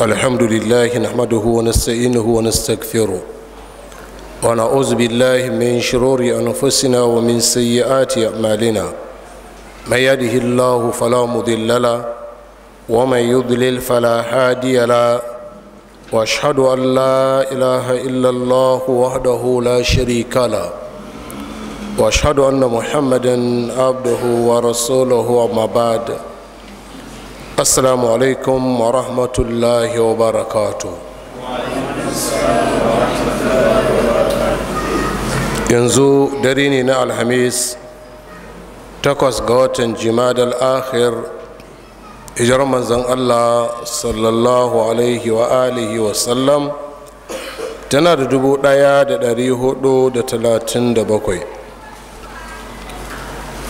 الحمد لله نحمده ونستعينه ونستغفره ونعوذ بالله من شرور أنفسنا ومن سيئات أعمالنا من يده الله فلا مضل له ومن يضلل فلا هادي له واشهد ان لا اله الا الله وحده لا شريك له واشهد ان محمدا عبده ورسوله وما بعد assalamu alaikum wa rahmatullahi wa barakatu yanzu dare ne na alhamis takwas ga watan jimadal al'akhir hijirar manzan allah sallallahu alaihi wa alihi wa sallam tana da dubu daya da dari hudu da talatin da bakwai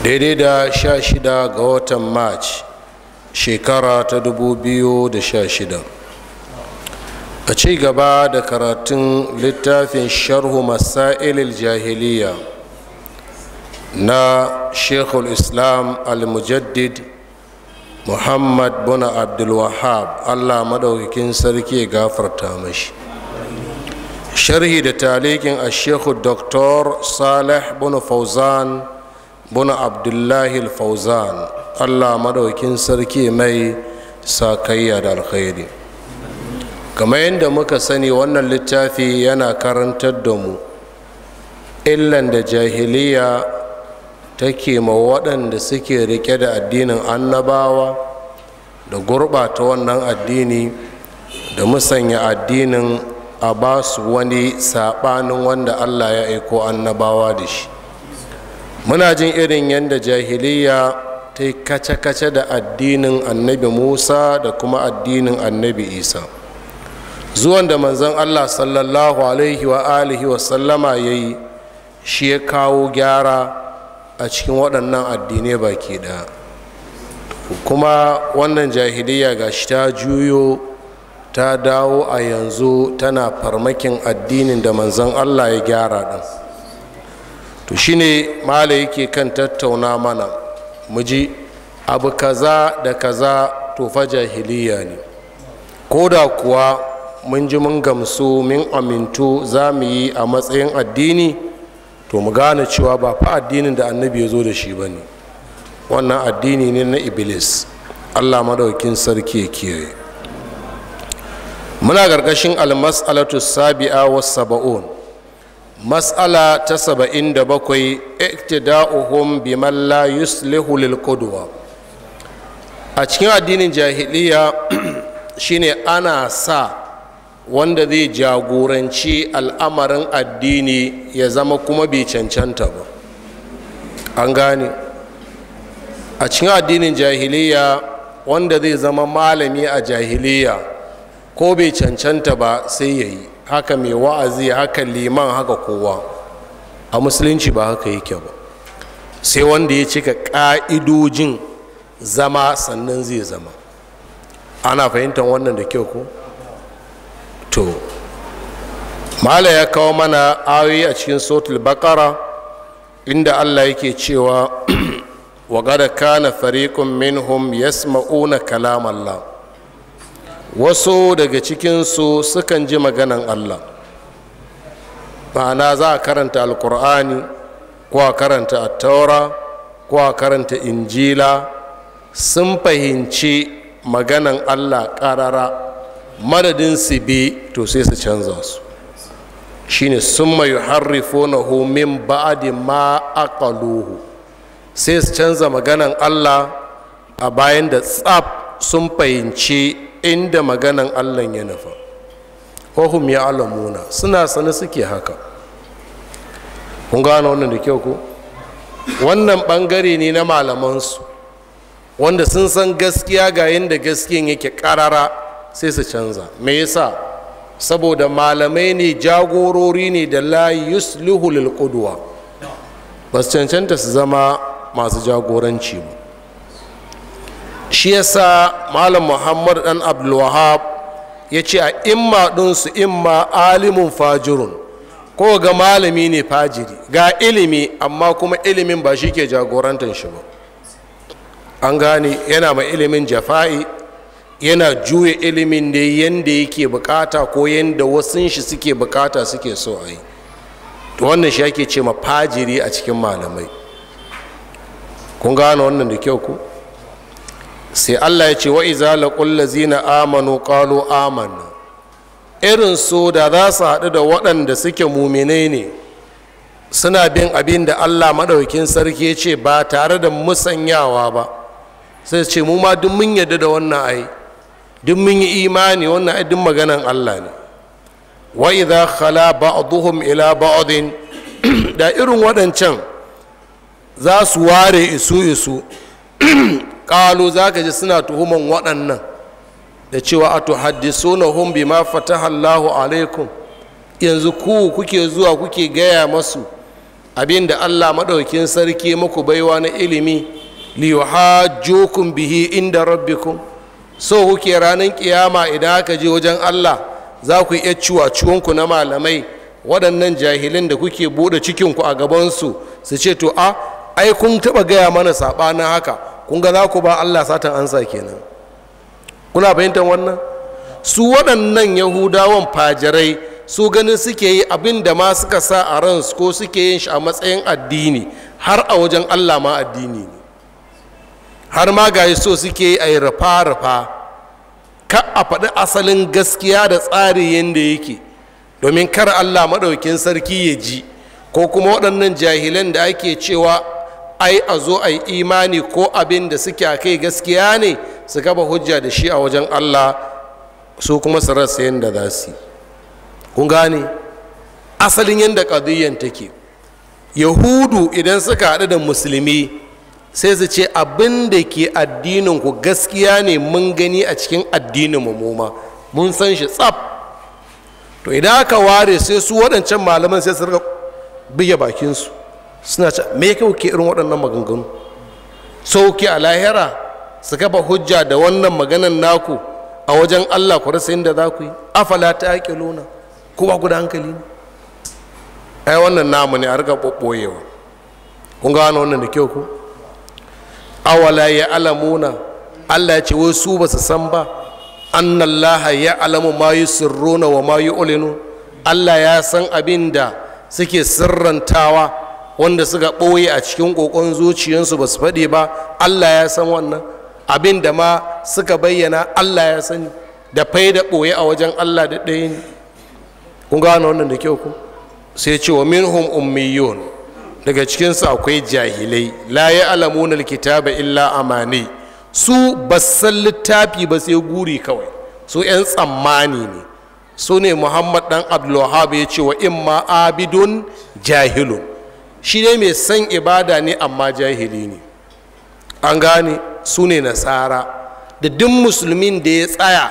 daidai da sha shida ga watan march shekara ta 2016 a ci gaba da karatun littafin sharhu masailil jahiliya na shekul islam al-mujaddid muhammad bin abdulwahab allah maɗaukakin sarki ya gafarta mashi sharhi da talikin a shekul dr salih bin fauzan buna abdullahi fauzan allah madaukin sarki mai sakayya da alkhairi kamar yadda muka sani wannan littafi yana karantar da mu illan da jahiliya take ma waɗanda suke rike da addinin annabawa da gurɓata wannan addini da musanya addinin a basu wani saɓanin wanda allah ya aiko annabawa da shi muna jin irin yadda jahiliya ta yi kace-kace da addinin annabi musa da kuma addinin annabi isa zuwan da manzon allah sallallahu alaihi wa alihi wa sallama ya yi shi ya kawo gyara a cikin waɗannan addinai baki ɗaya kuma wannan jahiliya ga shi ta juyo ta dawo a yanzu tana farmakin addinin da manzon allah ya gyara ɗansu to shine mala yake kan tattauna mana mu ji abu kaza da kaza to fa jahiliya ne ko da kuwa mun ji mun gamsu min amintu za mu yi a matsayin addini to mu gane cewa ba fa addinin da annabi ya zo da shi ba ne wannan addini ne na iblis allah madaukin sarki ya kiyaye muna gargashin almas'alatu sabi'a wasu saba'un matsala ta saba'in da bakwai iktida'uhum da la yuslihu lil qudwa a cikin addinin jahiliya shine ana sa wanda zai jagoranci al'amarin addini ya zama kuma bai cancanta ba an gane a cikin addinin jahiliya wanda zai zama malami a jahiliya ko bai cancanta ba sai ya yi haka mai wa'azi haka liman haka kowa a musulunci ba haka yake ba sai wanda ya cika ƙa'idojin zama sannan zai zama ana fahimtar wannan da kyau ko to mala ya kawo mana awi a cikin sotul bakara inda allah yake cewa wa gada kana fariƙun minhum yasma'una kalam allah wasu daga cikinsu sukan ji maganan allah ma'ana za a karanta alkur'ani ko a karanta attaura ko a karanta injila sun fahimci maganan allah ƙarara madadin su bi to sai su canza su shine summa yuharrifunahu min ba'di ma aqaluhu sai su canza maganan Allah a bayan da tsaf sun fahimci inda maganan allah ya nufa wahum ya alamuna suna sani suke haka kun gano wannan da kyau ko wannan bangare ne na malamansu wanda sun san gaskiya ga yadda gaskiyan yake ƙarara sai su canza me yasa saboda malamai ne jagorori ne da layi yusluhu lil ba su cancanta su zama masu jagoranci ba shi yasa malam muhammad dan abdulwahab ya ce a imma dunsu imma alimun fajirun ko ga malami ne fajiri ga ilimi amma kuma ilimin ba shi ke jagorantar shi ba an gane yana ma ilimin jafa'i yana juya ilimin ne yadda yake bukata ko yadda wasu shi suke bukata suke so a yi wannan shi ake ce ma fajiri a cikin malamai kun gane wannan da kyau ku sai allah ya ce wa izala kullazina amanu qalu amanu irin su da za su haɗu da waɗanda suke muminai ne suna bin abin da allah maɗaukin sarki ya ce ba tare da musanyawa ba sai ce mu ma duk mun yadda da wannan ai duk mun yi imani wannan ai duk maganan allah ne wa idza khala ba'dhum ila ba'din da irin waɗancan za su ware isu isu kalu za ka ji suna tuhuman waɗannan da cewa a tuhaddisuna hum ma fataha Allahu alaikum yanzu ku kuke zuwa kuke gaya masu abin da Allah maɗaukin sarki muku baiwa na ilimi jokun bihi inda rabbikum so kuke ranar ƙiyama idan aka je wajen Allah za ku iya ciwon na malamai waɗannan jahilin da kuke buɗe cikinku a gabansu su ce to a ah, ai kun taɓa gaya mana saɓanin haka kun ga za ku ba allah satan ansa kenan kuna fahimtar wannan su waɗannan yahudawan fajirai su ganin suke yi abin da ma suka sa a ransu ko suke yin shi a matsayin addini har a wajen allah ma addini ne har ma ga so suke yi a yi rufa-rufa ka a faɗi asalin gaskiya da tsari yadda yake domin kar allah maɗaukin sarki ya ji ko kuma waɗannan jahilan da ake cewa ai a zo a yi imani ko abin da suke a kai gaskiya ne su gaba hujja da shi a wajen allah su kuma su rasa yadda za su kun gane asalin yadda ƙadiyyan take yahudu idan suka haɗu da musulmi sai su ce abin da ke addinin ku gaskiya ne mun gani a cikin addinin mu ma mun san shi tsaf to idan aka ware sai su waɗancan malaman sai su rika biya bakinsu suna ce me ya ke irin waɗannan maganganu sauki a lahira su kafa hujja da wannan maganan naku a wajen allah ku rasa inda za ku yi afala ta ake luna ko ba ku da hankali ne ai wannan namu ne a riga ɓoɓɓoyewa kun gano wannan da kyau ku awala ya alamuna allah ya ce wai su ba su san ba annallaha ya alamu ma yi sirruna wa ma yi ulinu allah ya san abin da suke sirrantawa wanda suka ɓoye a cikin ƙoƙon zuciyarsu ba su faɗi ba allah ya san wannan abin da ma suka bayyana allah ya sani da fai da ɓoye a wajen allah da ɗaya ne kun gano wannan da kyau ku sai ce wa minhum ummiyun daga cikinsu akwai jahilai la ya alamuna kitaba illa amani su basan littafi ba sai guri kawai su 'yan tsammani ne su ne muhammad dan abdulwahab ya ce wa imma abidun jahilun shi dai mai san ibada ne amma jahili ne an gane su ne nasara da duk musulmin da ya tsaya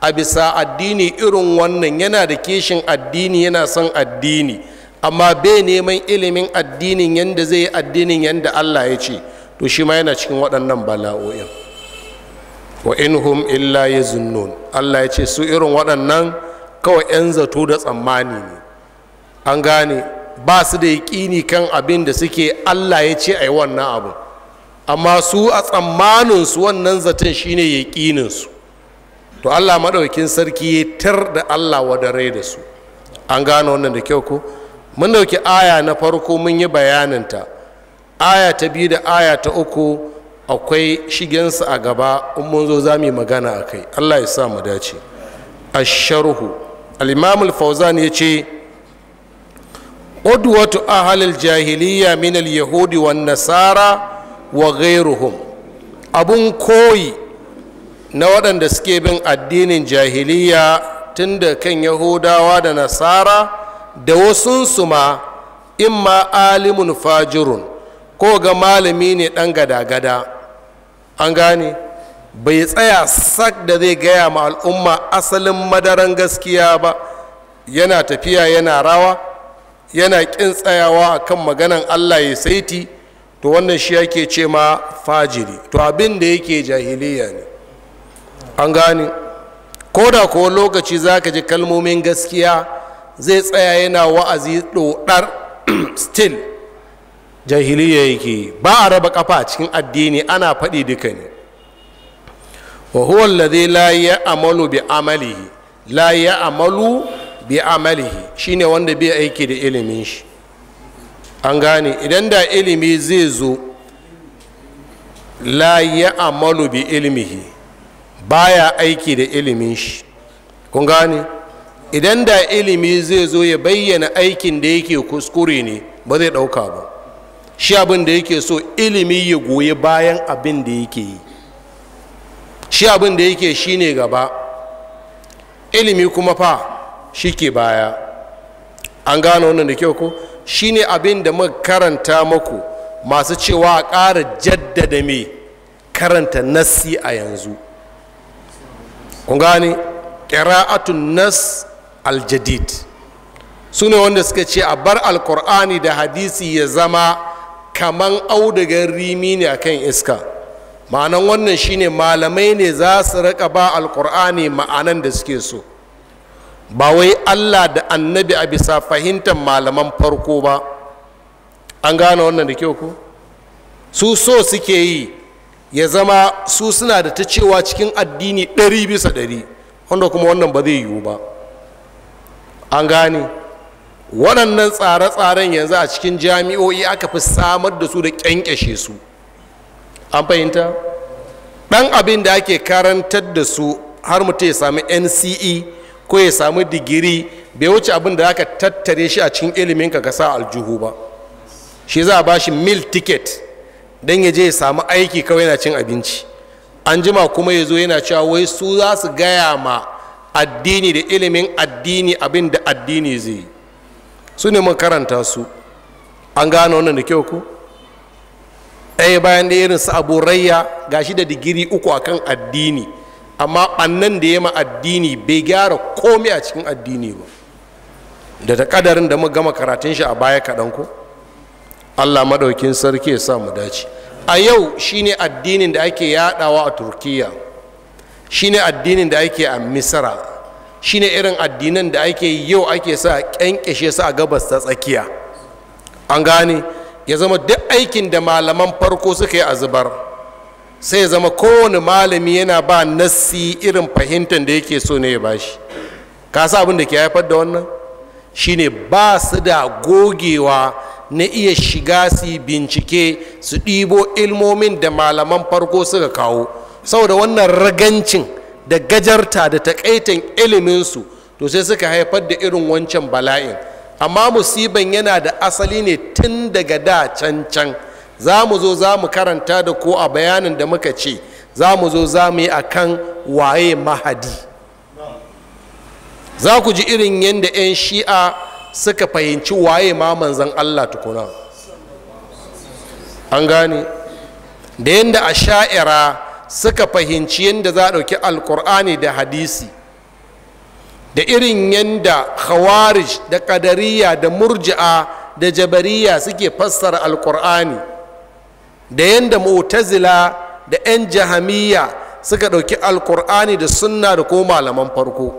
a bisa addini irin wannan yana da kishin addini yana son addini amma bai neman ilimin addinin yadda zai yi addinin yadda allah ya ce to shi ma yana cikin waɗannan bala'o'in wa in hum illa ya zunnun allah ya ce su irin waɗannan kawai 'yan zato da tsammani ne an gane ba su da yaƙini kan abin da suke allah ya ce a yi wannan abu amma su a tsammaninsu wannan zaton shine yaƙininsu to allah maɗaukin sarki ya tar da allah wadare da su an gano wannan da kyau ko mun dauki aya na farko mun yi bayaninta aya ta biyu da aya ta uku akwai shigensa a gaba in mun zo za mu yi magana a kai allah ya sa mu dace asharhu al-imamul fauzan ya ce udwatu ahalil jahiliya min al'yahudi yahudi wan nasara wa ghairuhum abun koyi na waɗanda suke bin addinin jahiliya tunda kan yahudawa da nasara da wasunsu ma imma alimun fajirun ko ga malami ne ɗan gada-gada an gane bai tsaya sak da zai gaya ma al'umma asalin madaran gaskiya ba yana tafiya yana rawa yana ƙin tsayawa a kan maganan allah ya saiti to wannan shi yake ce ma fajiri to abin da yake jahiliya ne an gane ko da kuwa lokaci za ka ji kalmomin gaskiya zai tsaya yana wa'azi ɗoɗar still jahiliya yake ba a raba kafa cikin addini ana faɗi duka ne wa huwa la ya amalu bi amalihi la amalu. bi amalihi shine wanda bai aiki da ilimin shi an gane idan da ilimi zai zo la ya amalu bi ilmihi baya aiki da ilimin shi kun gane idan da ilimi zai zo ya bayyana aikin da yake kuskure ne ba zai ɗauka ba shi abin da yake so ilimi ya goyi bayan abin da yake yi shi abin da yake shine gaba ilimi kuma fa shi ke baya an gano wannan da kyau ko shi ne abin da muka karanta maku masu cewa a ƙara jaddada me karanta nassi a yanzu kun gane ƙira'atun nas aljadid su ne wanda suka ce a bar alkur'ani da hadisi ya zama kaman audugar rimi ne a kan iska ma'anan wannan shine malamai ne za su rika ba alkur'ani ma'anan da suke so ba wai allah da annabi a bisa fahimtar malaman farko ba an gane wannan da kyau ko su so suke yi ya zama su suna da ta cewa cikin addini 100 bisa 100 wanda kuma wannan ba zai yiwu ba an gane waɗannan tsare-tsaren yanzu a cikin jami'o'i aka fi samar da su da ƙyanƙyashe su an fahimta ɗan abin da ake karantar da su har mutu ya sami nce ko ya samu digiri bai wuce abin da zaka tattare shi a cikin ilimin ka sa aljihu ba shi za a bashi mil ticket don ya je ya samu aiki kawai yana cin abinci an jima kuma ya zo yana cewa wai su za su gaya ma addini da ilimin addini abin da addini zai yi su ne mun karanta su an gane wannan da kyau ko ɗaya bayan da irin su abu rayya gashi da digiri uku akan addini amma ɓannan da ya ma addini bai gyara komai a cikin addini ba da ta kadarin da mu gama karatun shi a baya kaɗan ko allah maɗaukin sarki ya sa mu dace a yau shine addinin da ake yaɗawa a turkiya shine addinin da ake a misra shine irin addinan da ake yau ake sa ƙyanƙyashe su a gabas ta tsakiya an gane ya zama duk aikin da malaman farko suka yi a zubar sai zama kowane malami yana ba nassi irin fahimtar da yake so ne ya bashi ka abin da ke haifar da wannan shine ba su da gogewa na iya shiga su bincike su ɗibo ilmomin da malaman farko suka kawo saboda wannan ragancin da gajarta da takaitan iliminsu to sai suka haifar da irin wancan bala'in amma musiban yana da asali ne tun daga da can can za mu zo za mu karanta da ko a bayanin da muka ce za mu zo za mu yi a kan waye mahadi za ku ji irin yadda 'yan shi'a suka fahimci waye ma manzan allah tukuna an gane da yadda a sha'ira suka fahimci yadda za a ɗauki alkur'ani da hadisi da irin yadda khawarij da ƙadariya da murji'a da jabariya suke fassara alkur'ani da yadda mu'tazila da 'yan jahamiya suka ɗauki alkur'ani da sunna da ko malaman farko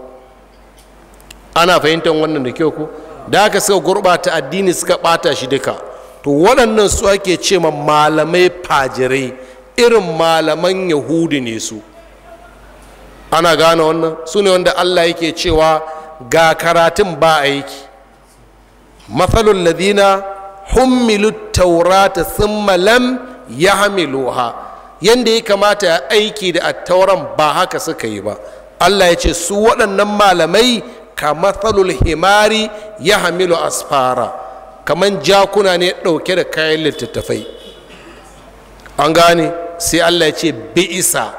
ana fahimtar wannan da kyau ku. da aka suka gurɓata addini suka ɓata shi duka to waɗannan su ake ce ma malamai fajirai irin malaman yahudi ne su ana gane wannan su ne wanda allah yake cewa ga karatun ba aiki matsalul ladina hummilu taurata sun malam ya hamiluha yadda ya kamata ya aiki da attauran ba haka suka yi ba allah ya ce su waɗannan malamai kamathalul himari ya hamilu asfara kamar jakuna ne ɗauke da kayan littattafai an gane sai allah ya ce bi isa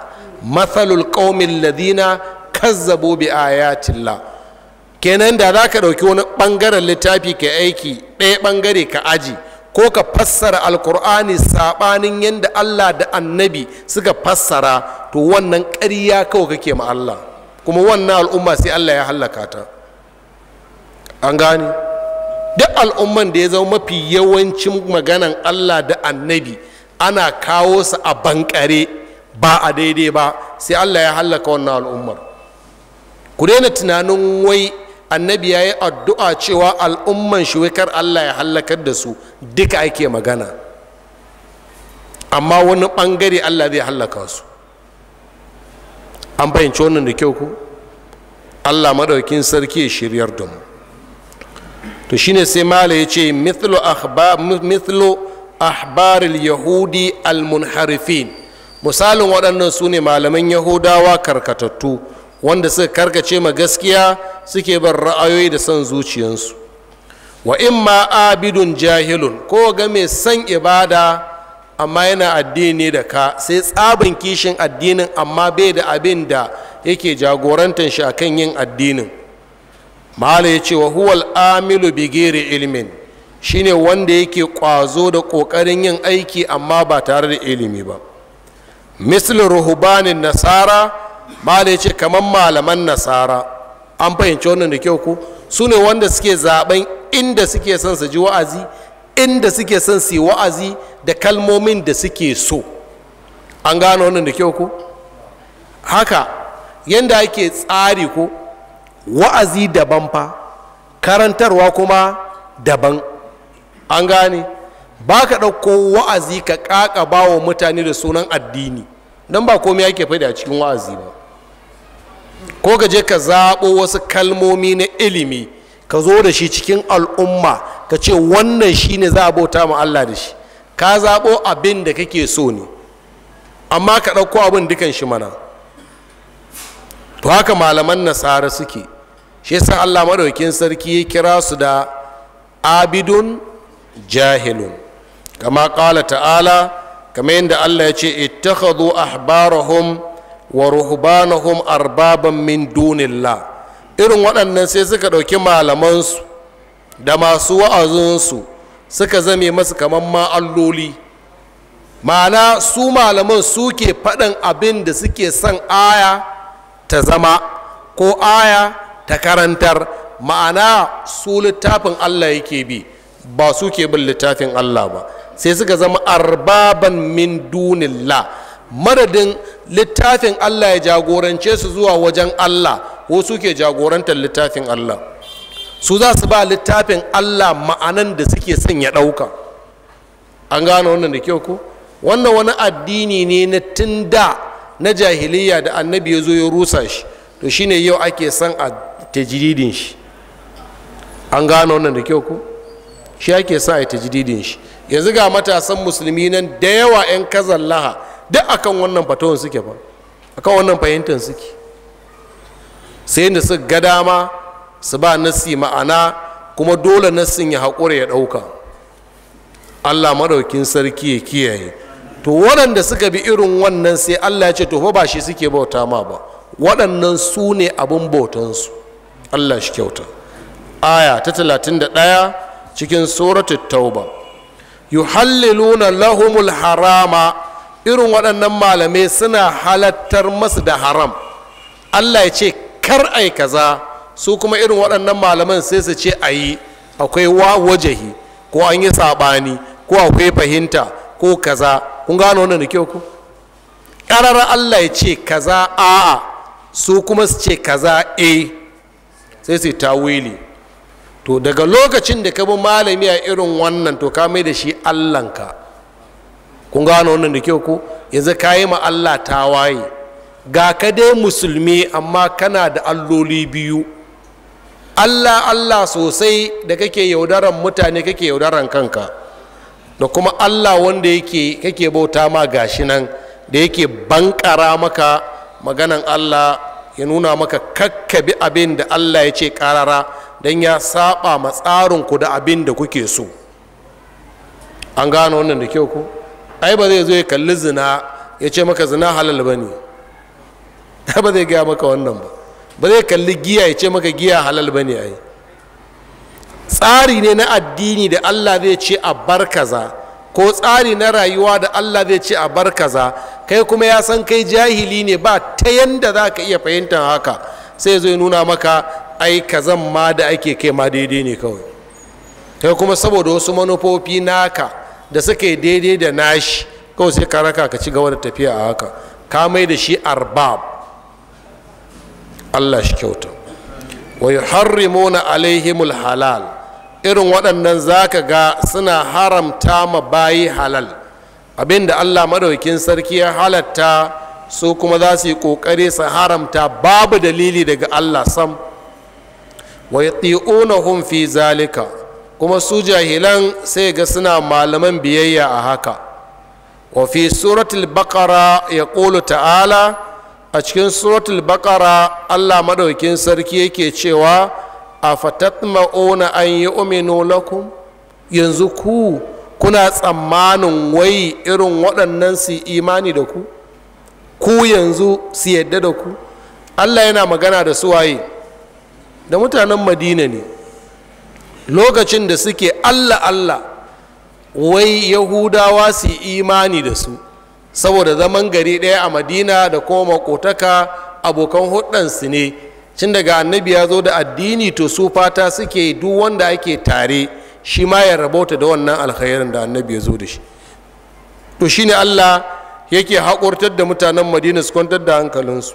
mathalul ƙaumin ladina kazzabo bi ayatillah kenan da za ka ɗauki wani ɓangaren littafi ka aiki ɗaya ɓangare ka aji ko ka fassara alkur'ani saɓanin yadda allah da annabi suka fassara to wannan ƙarya kawai kake ma allah kuma wannan al'umma sai allah ya hallaka ta an gane duk al'umman da ya zama mafi yawancin maganan allah da annabi ana kawo su a bankare ba a daidai ba sai allah ya hallaka wannan al'ummar ku daina tunanin wai annabi ya yi addu'a cewa al'umman shi allah ya hallakar da su duka ake magana amma wani bangare allah zai hallaka su an fahimci wannan da kyau ku allah maɗaukin sarki ya shiryar da mu to shine sai mala ya ce mithlu ahbaril yahudi al-munharifin misalin waɗannan su ne malaman yahudawa karkatattu wanda suka karkace ma gaskiya suke bar ra'ayoyi da son zuciyansu wa in ma abidun jahilun ko ga mai son ibada amma yana addini da ka sai tsabin kishin addinin amma bai da abin da yake jagorantar shi akan yin addinin mahala ya ce wa huwal amilu bigere ilimin shine wanda yake kwazo da kokarin yin aiki amma ba tare da ilimi ba misli ruhubanin nasara mala ya ce kamar malaman nasara an fahimci wannan da kyau ko su ne wanda suke zaben inda suke son su ji wa'azi inda suke son su yi wa'azi da kalmomin da suke so an gano wannan da kyau ko haka yadda ake tsari ko wa'azi daban fa karantarwa kuma daban an gane ba ka ɗauko wa'azi ka ƙaƙa ba wa mutane da sunan addini don ba komai ake faɗi a cikin wa'azi ba ko ka ka zaɓo wasu kalmomi na ilimi ka zo da shi cikin al'umma ka ce wannan shi ne za a bauta ma Allah da shi ka zaɓo abin da kake so ne amma ka ɗauko abin dukan shi mana to haka malaman nasara suke shi yasa Allah maɗaukin sarki ya kira su da abidun jahilun kama ƙala ta'ala kamar yadda Allah ya ce ittakhadhu ahbarahum wa ruhbanahum arbaban min dunillah irin waɗannan sai suka ɗauki malamansu da masu wa'azinsu suka zame masu kamar ma alloli ma'ana su malaman su ke faɗin abin da suke son aya ta zama ko aya ta karantar ma'ana su littafin Allah yake bi ba su ke bin littafin Allah ba sai suka zama arbaban min dunilla madadin littafin allah ya jagorance su zuwa wajen allah ko suke jagorantar littafin allah su za su ba littafin allah ma'anan da suke son ya ɗauka an gano wannan da kyau ko wannan wani addini ne na tun da na jahiliya da annabi ya zo ya rusa shi to shine yau ake son a tajiridin shi an gano wannan da kyau ko shi ake son a tajiridin shi yanzu ga matasan musulmi nan da yawa 'yan kazallaha duk akan wannan fatowar suke ba akan wannan fahimtar suke sai da su ga dama su ba nassi ma'ana kuma dole nassin ya haƙura ya ɗauka allah maɗaukin sarki ya kiyaye to waɗanda suka bi irin wannan sai allah ya ce to fa ba shi suke bauta ma ba waɗannan su ne abin bautansu allah shi kyauta aya ta ɗaya cikin suratul tauba yuhalliluna lahumul harama irin waɗannan malamai suna halattar masu da haram allah ya ce kar ai kaza su kuma irin waɗannan malaman sai su ce a yi akwai wa wajahi ko an yi saɓani ko akwai fahimta ko kaza kun gano wannan da kyau ku ƙarar allah ya ce kaza a'a su kuma su ce kaza a eh. sai su yi tawili to daga lokacin da ka bi malami a irin wannan to ka mai da shi allanka kun gano wannan da kyau ko yanzu ka yi ma allah tawaye ga ka dai musulmi amma kana da alloli biyu allah allah sosai da kake yaudaran mutane kake yaudaran kanka da kuma allah wanda yake kake bauta ma gashi nan da yake bankara maka maganan allah ya nuna maka kakkabi abin da allah ya ce karara don ya saba ma tsarinku da abin da kuke so an gano wannan da kyau ko ai ba zai zo ya kalli zina ya ce maka zina halal ba ne ba zai gaya maka wannan ba ba zai kalli giya ya ce maka giya halal ba ne ai tsari ne na addini da allah zai ce a bar kaza ko tsari na rayuwa da allah zai ce a bar kaza kai kuma ya san kai jahili ne ba ta yanda za ka iya fahimtar haka sai zai nuna maka Aika zan ma da ake kai ma daidai ne kawai kai kuma saboda wasu manufofi naka da suke daidai da nashi kawai sai ka raka ka ci gaba da tafiya a haka ka mai da shi arbab allah shi kyauta Wai wa yuharrimuna alaihimul halal irin waɗannan za ka ga suna haramta ma bayi halal abinda allah madaukin sarki ya halatta su kuma za su yi ƙoƙari su haramta babu dalili daga allah sam wa yati'unahum fi zalika kuma su jahilan sai ga suna malaman biyayya a haka wa fi suratul baqara yaqulu ta'ala a cikin suratul baqara Allah madaukin sarki yake cewa afatatma'una an yu'minu lakum yanzu ku kuna tsammanin wai irin waɗannan su imani da ku ku yanzu su yadda da ku Allah yana magana da su waye da mutanen madina ne lokacin da suke allah allah wai yahudawa su imani da su saboda zaman gari ɗaya a madina da kuma makotaka abokan hudansu ne cin daga annabi ya zo da addini to su fata suke duk wanda ake tare shi ma ya rabauta da wannan alkhairin da annabi ya zo da shi to shi ne allah yake haƙurtar da mutanen madina su kwantar da hankalinsu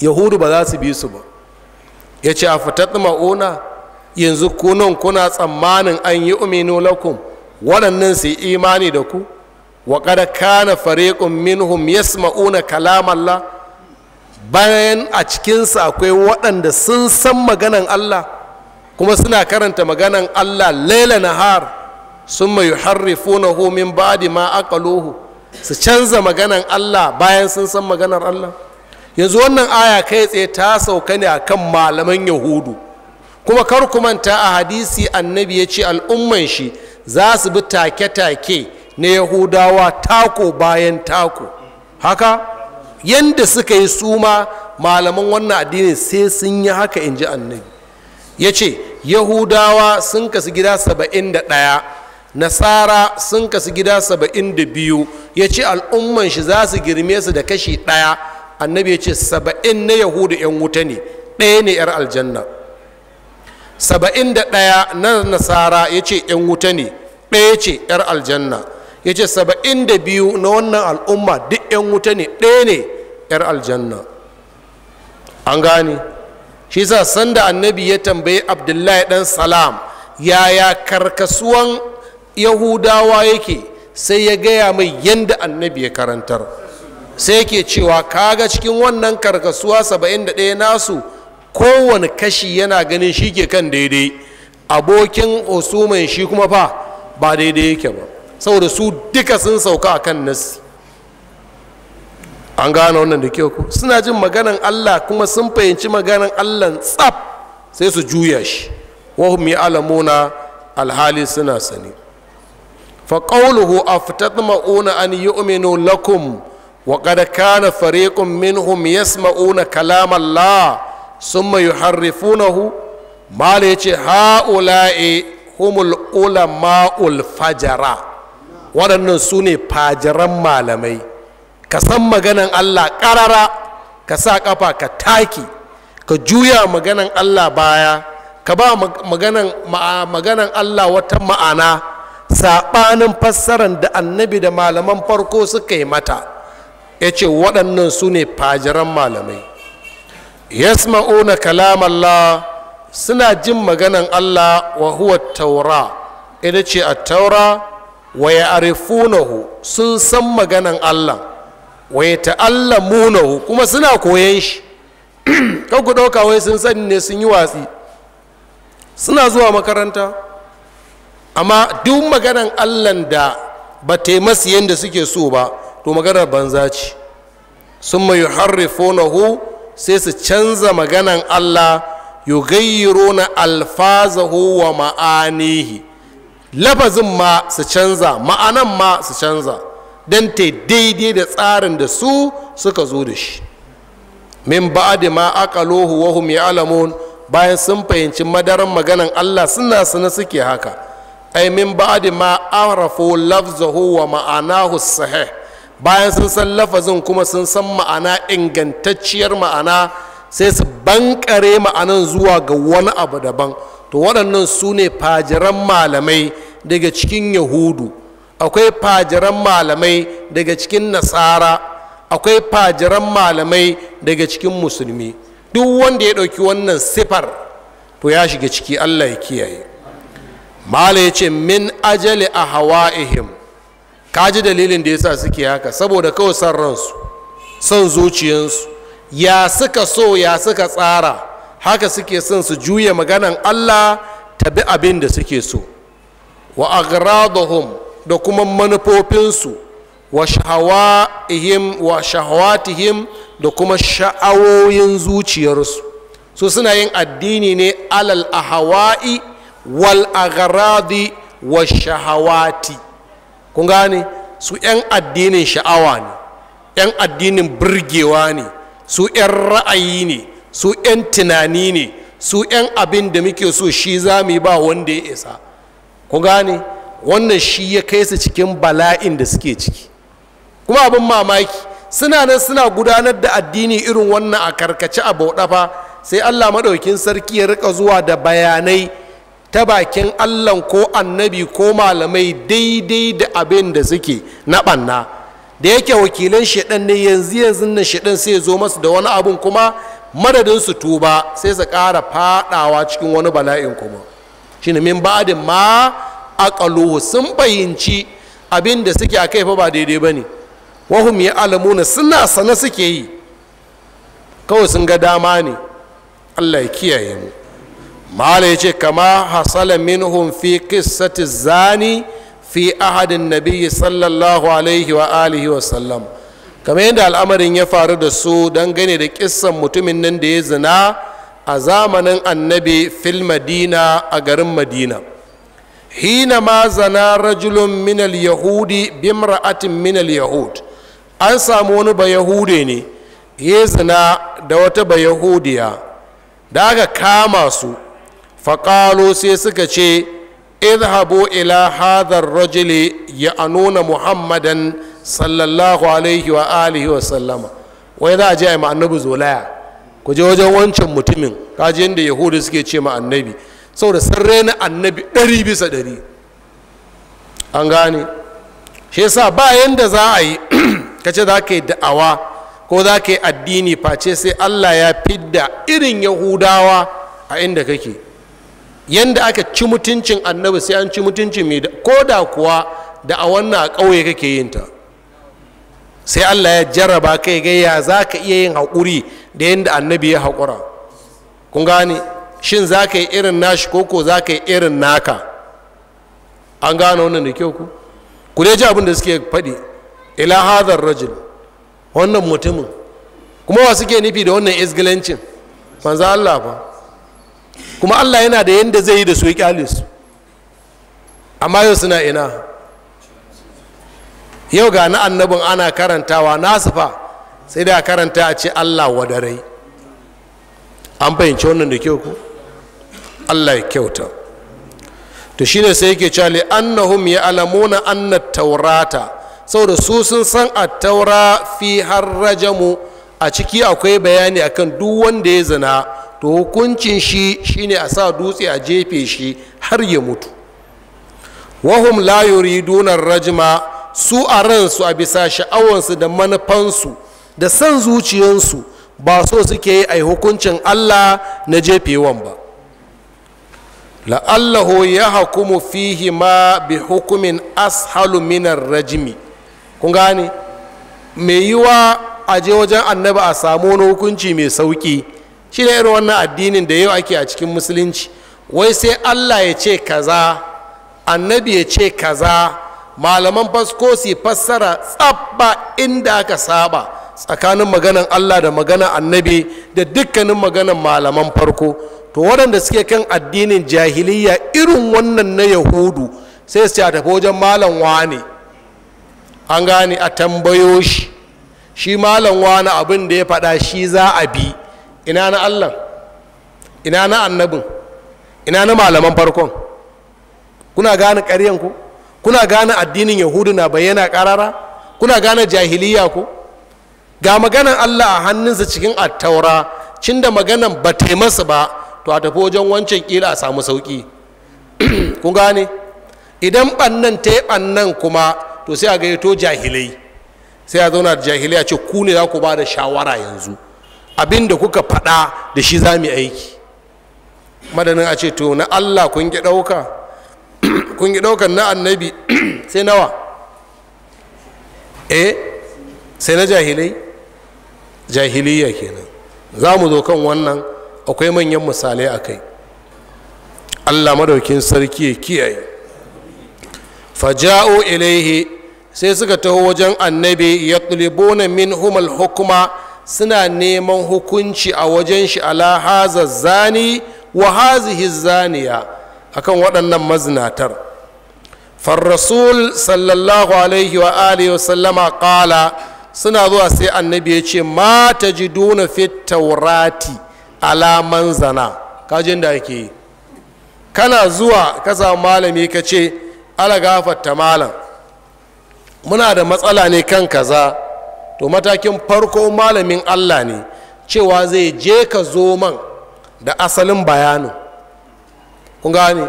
yahudu ba za su bi su ba ya ce a fitar ma'una yanzu kunan kuna tsammanin an yi uminu lakum waɗannan su yi imani da ku wa kada kana fariqun minhum yasma'una kalam Allah bayan a cikinsu akwai waɗanda sun san maganan Allah kuma suna karanta maganan Allah laila nahar mai harri min ba'di ma aqaluhu su canza maganan Allah bayan sun san maganar Allah yanzu wannan aya kai tsaye ta sauka ne a kan malaman yahudu kuma kar ku manta a hadisi annabi ya ce al'umman shi za su bi take-take na yahudawa tako bayan tako haka yadda suka yi suma malaman wannan addini sai sun yi haka in ji annabi ya ce yahudawa sun kasu gida saba'in ɗaya nasara sun kasu gida saba'in biyu ya ce al'umman shi za su girme su da kashi ɗaya annabi ya ce saba'in na yahudu 'yan wuta ne ɗaya ne 'yar aljanna saba'in da ɗaya na nasara ya ce 'yan wuta ne ɗaya ce 'yar aljanna ya ce saba'in da biyu na wannan al'umma duk 'yan wuta ne ɗaya ne 'yar aljanna an gane shi sa sanda annabi ya tambayi abdullahi dan salam yaya karkasuwan yahudawa yake sai ya gaya mai yadda annabi ya karantar sai ke cewa kaga cikin wannan karkasuwa saba'in da ɗaya nasu kowane kashi yana ganin shi ke kan daidai abokin osuman shi kuma fa ba daidai yake ba saboda su duka sun sauka a kan nasi an gane wannan da kyau suna jin maganan allah kuma sun fahimci maganan allah tsaf sai su juya shi wahum ya alamuna alhali suna sani fa qawluhu aftatma'una an yu'minu lakum wa qad kana fariqun minhum yasma'una kalam Allah summa yuharrifunahu mala yace haula'i humul ulama'ul fajara waɗannan su ne fajiran malamai ka san maganan Allah ƙarara ka sa ƙafa ka taki ka juya maganan Allah baya ka ba maganan, maganan Allah wata ma'ana saɓanin fassarar da annabi da malaman farko suka yi mata ya ce waɗannan su ne fajiran malamai yasma'una kalamallah suna jin maganan allah wa huwa taura ita ce a taura wa ya arifunahu sun san maganan allah wa ya ta'allamunahu kuma suna koyan shi kan ku ɗauka wai sun sani ne sun yi watsi suna zuwa makaranta amma duk maganan Allah da ba ta masu yadda suke so ba to maganar banza ce sun mai hu sai su canza maganan allah na alfazahu wa ma'anihi lafazin ma su canza ma'anan ma su canza don ta daidai da tsarin da su suka zo da shi min da ma aqaluhu wa hum ya'lamun bayan sun fahimci madaran maganan Allah suna sana suke haka ai min da ma arafu lafzahu wa ma'anahu sahih bayan sun san lafazin kuma sun san ma'ana ingantacciyar ma'ana sai su bankare ma'anan zuwa ga wani abu daban to waɗannan su ne fajiran malamai daga cikin yahudu akwai fajiran malamai daga cikin nasara akwai fajiran malamai daga cikin musulmi duk wanda ya ɗauki wannan sifar to ya shiga ciki allah ya kiyaye mala ya ce min ajali a hawa'ihim ka ji dalilin da yasa suke haka saboda kawai son ransu son zuciyarsu, ya suka so ya suka tsara haka suke son su juya maganan allah tabi abin da suke so wa agradahum da kuma manufofinsu wa shahawatihim wa shahawatihim da kuma sha'awoyin zuciyarsu su suna yin addini ne alal ahawa'i wal agradi wa shahawati kun gane su 'yan addinin sha'awa ne 'yan addinin birgewa ne su 'yan ra'ayi ne su 'yan tunani ne su 'yan abin da muke so shi za mu ba wanda ya isa ku gane wannan shi ya kai su cikin bala'in da suke ciki kuma abin mamaki suna nan suna gudanar da addini irin wannan a karkace a bauɗa sai allah maɗaukin sarki ya rika zuwa da bayanai ta bakin allan ko annabi ko malamai daidai da abin da suke na banna da yake wakilan shaɗan ne yanzu yanzu na shaɗan sai zo masu da wani abin kuma madadin su tuba sai su ƙara fadawa cikin wani bala'in kuma shi ne min ba'adin ma aƙaluhu sun fahimci abin da suke a kai ba daidai ba ne wahum ya alamuna suna sana suke yi kawai sun ga dama ne allah ya kiyaye mu mala ya ce kama hasala minhum fi qissati zani fi ahadin nabiyyi sallallahu alaihi wa alihi wa sallam kamar yadda al'amarin ya faru da su dangane da kissan mutumin nan da ya zina a zamanin annabi fil madina a garin madina hina ma zana rajulun minal yahudi bimra'atin minal yahud an samu wani bayahude ne ya zina da wata bayahudiya da aka kama su faƙalo sai suka ce izhabu ila hadar rajuli ya anuna muhammadan sallallahu alaihi wa alihi wa sallama wai za a je a yi annabi zolaya ku je wajen wancan mutumin kaji yadda yahudu suke ce ma annabi saboda sun raina annabi ɗari bisa ɗari an gane shi yasa ba yadda za a yi kace za ka yi da'awa ko za ka yi addini face sai allah ya fidda irin yahudawa a inda kake yanda aka ci mutuncin annabi sai an ci mutuncin mai ko da kuwa da a wannan a ƙauye kake yin ta sai allah ya jarraba kai ga ya za ka iya yin haƙuri da yadda annabi ya haƙura kun gane shin za ka yi irin nashi ko ko za ka yi irin naka an gane wannan da kyau ku ku dai ji abin da suke faɗi ila hadar rajul wannan mutumin kuma wa suke nufi da wannan izgilancin manzo allah fa kuma allah yana da yadda zai yi da su yi kyale amma yau suna ina yau ga na annabin ana karantawa nasu fa sai da karanta a ce allah wadarai an fahimci wannan da kyau ku allah ya kyauta to shine sai yake cale annahum ya alamuna anna taurata saboda su sun san a taura fi harrajamu a ciki akwai bayani akan duk wanda ya zina to hukuncin shi shine a sa dutse a jefe shi har ya mutu wahum la yuriduna rajma su a ransu a bisa sha'awansu da manufansu da son zuciyansu ba so suke yi a hukuncin allah na jefewan ba la'allahu ya hakumu fihi ma bi hukumin ashalu minar rajimi kun gane mai yiwa a je wajen annabi a samu wani hukunci mai sauki shi da irin wannan addinin da yau ake a cikin musulunci wai sai allah ya ce kaza annabi ya ce kaza malaman faskosi fassara tsabba inda aka saba tsakanin maganan allah da maganan annabi da dukkanin maganan malaman farko to waɗanda suke kan addinin jahiliya irin wannan na yahudu sai su a tafi wajen malam wane an gane a tambayo shi shi malam wane abin da ya faɗa shi za a bi ina na allah ina na annabin ina na malaman farkon kuna gane ƙaryan ku kuna gane addinin yahudu na bayyana karara? kuna gane jahiliya ku ga maganan allah a hannunsa cikin attaura cin da maganan ba masa ba to a tafi wajen wancan kila a samu sauƙi kun gane idan ɓannan ta yi ɓannan kuma to sai a gayyato jahilai sai a zauna da jahilai a ce ku ne za ku ba da shawara yanzu abin da kuka faɗa da shi za mu aiki madanin a ce to na allah kun ƙi ɗauka kun ɗaukan na annabi sai nawa eh sai na jahilai jahiliya kenan za mu zo kan wannan akwai manyan misalai a kai allah madaukin sarki ya kiyaye faja'o ilaihi sai suka taho wajen annabi ya min humal hukuma suna neman hukunci a wajen shi ala haza zani wa hazihi zaniya akan waɗannan mazinatar farrasul sallallahu alaihi wa alihi wa sallama ƙala suna zuwa sai annabi ya ce ma ta ji duna fit taurati ala manzana kajin da ake yi kana zuwa ka samu malami ka ce ala gafarta malam muna da matsala ne kan kaza to matakin farko malamin allah ne cewa zai je ka zo man da asalin bayanin kun gane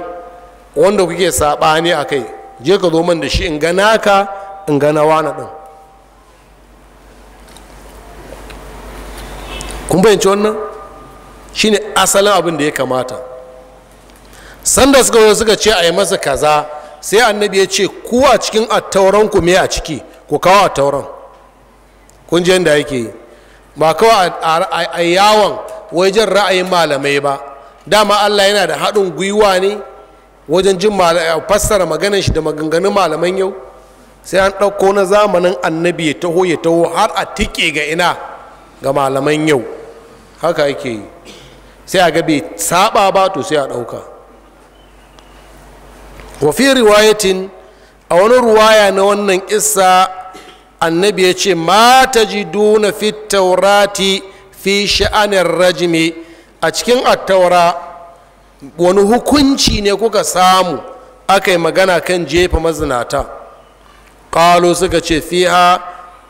wanda kuke saɓani a kai je ka zo man da shi in gana ka in gana wani ɗin kun fahimci wannan shi ne asalin abin da ya kamata sanda suka zo suka ce a yi masa kaza sai annabi ya ce ku a cikin attauranku me a ciki ku kawo attauranku kun da yadda yake yi ba kawai a yawon wajen ra'ayin malamai ba dama allah yana da haɗin gwiwa ne wajen jin fassara maganin shi da maganganun malaman yau sai an ɗauko na zamanin annabi ya taho ya taho har a tike ga ina ga malaman yau haka yake yi sai a gabe saba ba to sai a ɗauka wafi riwayatin a wani ruwaya na wannan kissa annabi ya ce ma ta ji duna fit fi sha'anin rajimi a cikin attaura wani hukunci ne kuka samu aka yi magana kan jefa mazinata ƙalo suka ce fiha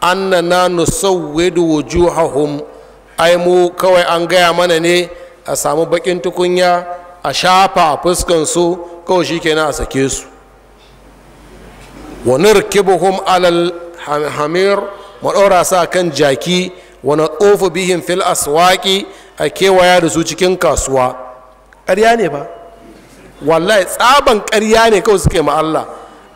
annana nusawwidu wujuhahum ai mu kawai an gaya mana ne a samu bakin tukunya a shafa a su kawai shi na a sake su wani rikibuhum alal hamir mu ɗora sa kan jaki wani ofu bihin fil aswaki a kewaya da su cikin kasuwa ƙarya ne ba wallahi tsaban ƙarya ne kawai suke ma Allah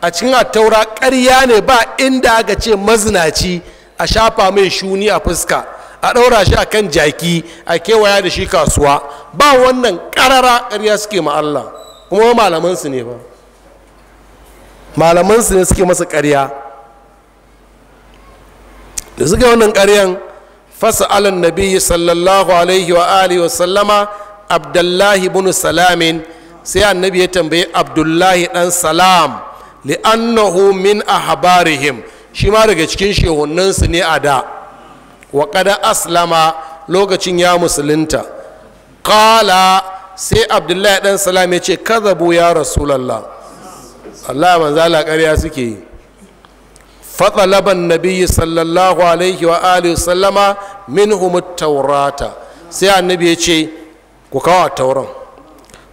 a cikin taura ƙarya ne ba inda aka ce mazinaci a shafa mai shuni a fuska a ɗaura shi a kan jaki a kewaya da shi kasuwa ba wannan ƙarara ƙarya suke ma Allah kuma malamansu ne ba malamansu ne suke masa ƙarya da suka wannan ƙaryan fasa alan nabi sallallahu alaihi wa alihi wa sallama abdullahi bin salamin sai annabi ya tambayi abdullahi dan salam annahu min ahbarihim shi ma daga cikin shehunnansu ne a da wa qada aslama lokacin ya musulunta qala sai abdullahi dan salam ya ce kadabu ya rasulullah Allah manzala ƙarya suke yi fatsalaban nabiyyi sallallahu alaihi wa alihi sallama minhum taurata sai annabi ya ce ku kawo tauran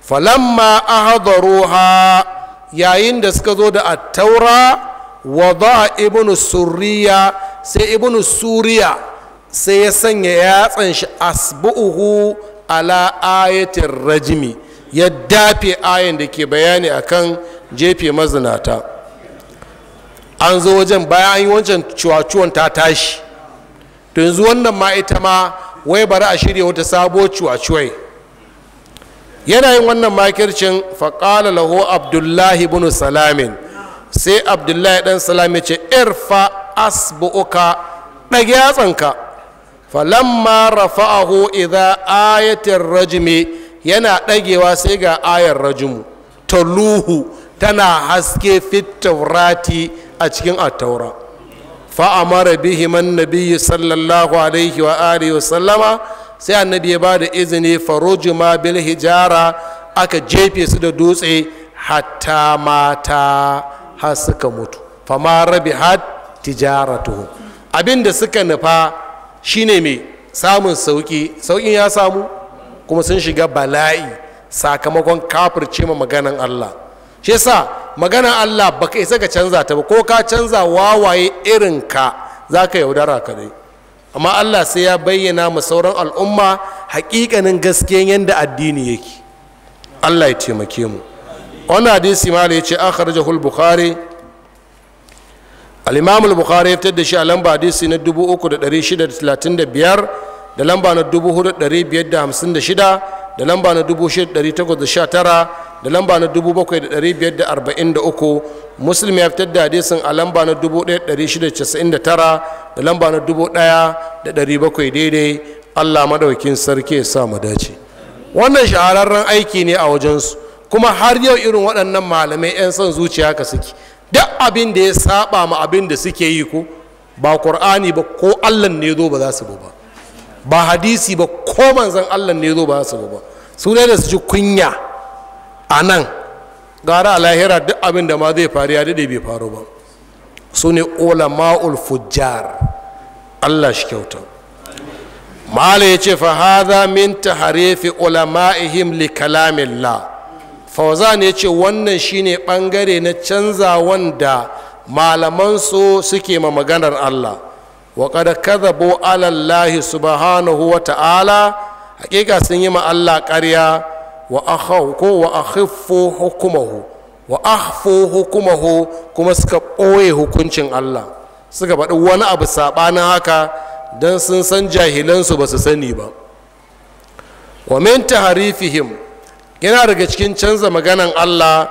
falamma ahdaruha yayin da suka zo da attaura wada ibnu suriya sai ibnu suriya sai ya sanya yatsan shi asbu'uhu ala ayatin rajimi ya dafe ayan da ke bayani akan jefe mazinata an zo wajen bayan an yi wancan ciwaciwon ta tashi to yanzu wannan ma ita ma wai bari a shirya wata sabo ciwaciwai yana yin wannan makircin faƙala laho abdullahi bin salamin sai abdullahi ɗan salami ce irfa asbu'uka ɗage yatsanka falamma rafa'ahu idza ayatin rajimi yana ɗagewa sai ga ayar rajimu taluhu tana haske fit a cikin attaura fa'amara bihi man nabiyyi sallallahu alaihi wa alihi sai annabi ya ba da izini farujuma bil hijara aka jefe su da dutse hatta mata har suka mutu fama rabi hat tijaratuhu abin da suka nufa shine mai samun sauki saukin ya samu kuma sun shiga bala'i sakamakon kafirce ma maganan Allah shi yasa magana allah ba ka isa ka canza ta ba ko ka canza wawaye irinka za ka yaudara ka dai amma allah sai ya bayyana ma sauran al'umma hakikanin gaskiyan yadda addini yake allah ya taimake mu wannan hadisi ma ya ce a bukhari al-imam al-bukhari ya fitar da shi a lamba hadisi na 3635 da lamba na 4556 da lamba na 6819 da lamba na 7543 muslim ya fitar da hadisin a lamba na 1699 da lamba na 1700 daidai allah madaukin sarki ya sa mu dace wannan shahararren aiki ne a wajensu kuma har yau irin waɗannan malamai 'yan son zuciya ka suke duk abin da ya saba ma abin da suke yi ko ba ƙur'ani ba ko allah ne zo ba za su ba ba hadisi ba ko manzan allah ne zo ba za su ba su ne da su ji kunya a nan gara a lahira duk abin da ma zai faru ya daɗe bai faru ba su ne ulama'ul fujjar allah shi kyauta mala ya ce fahaza min taharifi ulama'ihim li la? fauzan ya ce wannan shine ɓangare na canza wanda malamansu suke ma maganar allah wa kada kada bo alallahi subhanahu wa ta'ala hakika sun yi ma Allah ƙarya wa ko wa akhiffu hukumahu wa akhfu hukumahu kuma suka ɓoye hukuncin Allah suka faɗi wani abu saɓanin haka don sun san jahilansu ba su sani ba wa min taharifihim yana daga cikin canza maganan Allah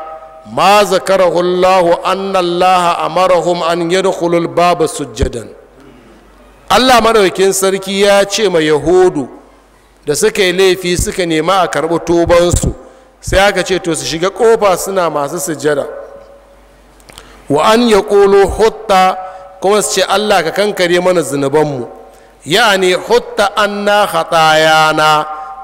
ma zakarahu Allah anna amarahum an yadkhulul baba sujjadan Allah madaukakin sarki ya ce ma yahudu da suka yi laifi suka nema a karɓi tubansu sai aka ce to su shiga ƙofa suna masu sujjada wa an ya ƙolo hutta kuma su ce allah ka kankare mana zunubanmu ne hutta an na